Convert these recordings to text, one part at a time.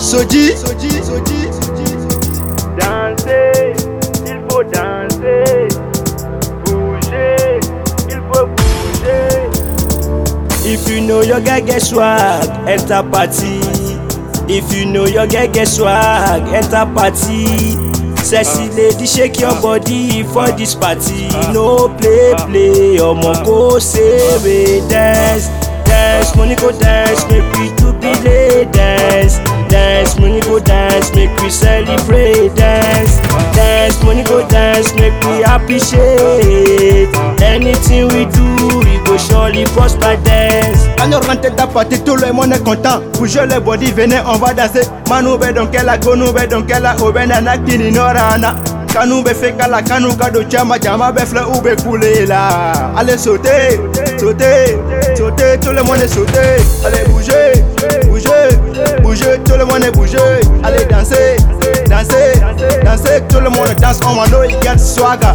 soji. danser il faut danser bouger il faut bouger. if you know your get swag enter party if you know your get swag enter party. sexy lady shake your body for this party no play play mon c'est dance. dance, money go dance, make we to jubilate dance. Dance, money go dance, make we celebrate dance. Dance, money go dance, make we appreciate. Anything we do, we go surely prosper dance. Alors rentrez ta partie, tout le monde est content. Bougez le body, venez, on va danser. Manoube donc elle a gonoube donc elle a obenana kininorana. kanu bɛ fɛ kala kanu ka don cɛma jama bɛ ube u bɛ kule la ale sote sote sauter, tout le monde est sauté. Allez bouger, bouger, bouger, tout le monde est Allez danser, danser, danser, tout le monde danse. On get swagger.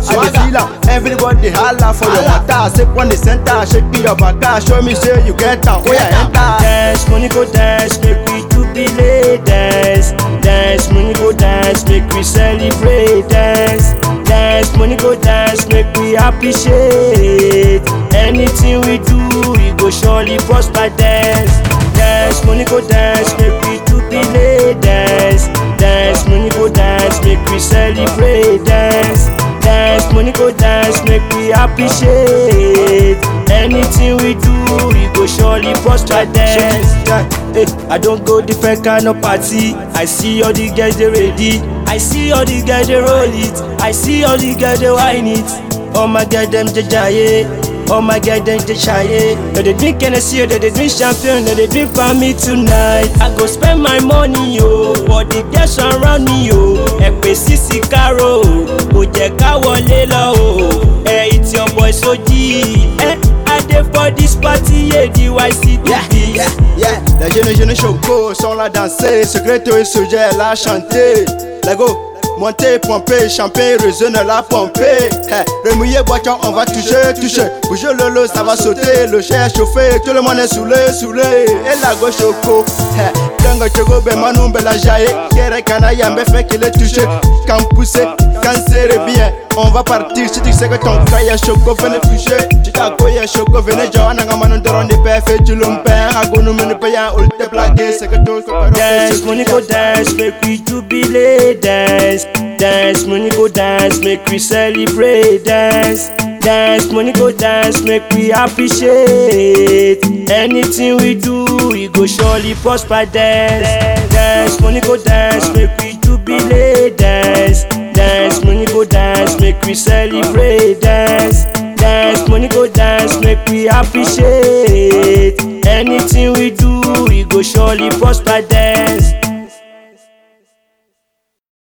everybody holla for your shake your Show me say you get Dance, money go dance, make we do belay dance. Dance, money go dance, make we celebrate dance. Dance, money go dance, make we appreciate anything we do. will surely prosper. Dance, dance, money go dance, make we do delay. Dance, dance, money go dance, make we celebrate. Dance, dance, money go dance, make we appreciate. Anything we do, we go surely prosper. Dance. Hey, I don't go different kind of party. I see all the guys they ready. I see all the guys they roll it. I see all the guys they wine it. All my guys them jajaye. All my guys, they, they shy. No, they drink Hennessy, no, they drink champagne, no, they drink for me tonight. I go spend my money, yo. For the girls around me, yo. Ẹ pè Sisi Karo, kò jẹ́ ká wọlé it's your boy Soji. Eh, I dey for this party, yeah, DYC, yeah, yeah, yeah. La jeune jeune choco, sont la danser. Secreto et sujet, la chanter. Let's go. Montez, pomper, champer, raisonner la pomper. Remouillez, remouiller, boiton, on va toucher, toucher. Bouger le lot, ça va sauter. Le cher chauffé, tout le monde est saoulé, saoulé. Et la gauche au cou. Hey, Dango chogo, ben manou, ben la jaille. Kere canaille, me fait qu'il est touché. Quand pousser, quand serrer bien. On va partir, si tu sais que ton frère choco, venez toucher. Tu t'as y'a choco, venez, Johanna, Dance, money go dance, make we jubilate. Dance, dance, money go dance, make we celebrate. Dance, dance, money go dance, make we appreciate. Anything we do, we go surely prosper. Dance, dance, money go dance, make we jubilate. Dance, dance, money go dance, make we celebrate. Dance, dance, money go dance, make we appreciate. Anything we do. go surely prosper dance.